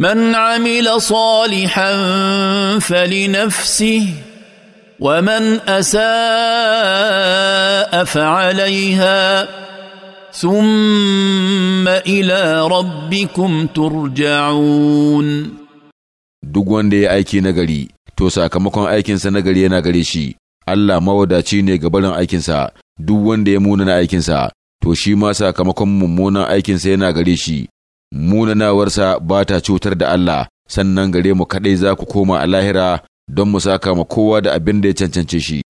من عمل صالحا فلنفسه ومن اساء فعليها ثم الى ربكم ترجعون duk wanda ya aiki nagari to sakamakon aikinsa nagari yana gare shi Allah mawadaci ne ga barin aikinsa duk wanda ya munana aikinsa to shi ma sakamakon mummunan aikinsa yana gare shi munanawarsa ba ta cutar da Allah sannan gare mu kaɗai za ku koma a lahira don mu saka ma kowa da abin da ya cancance shi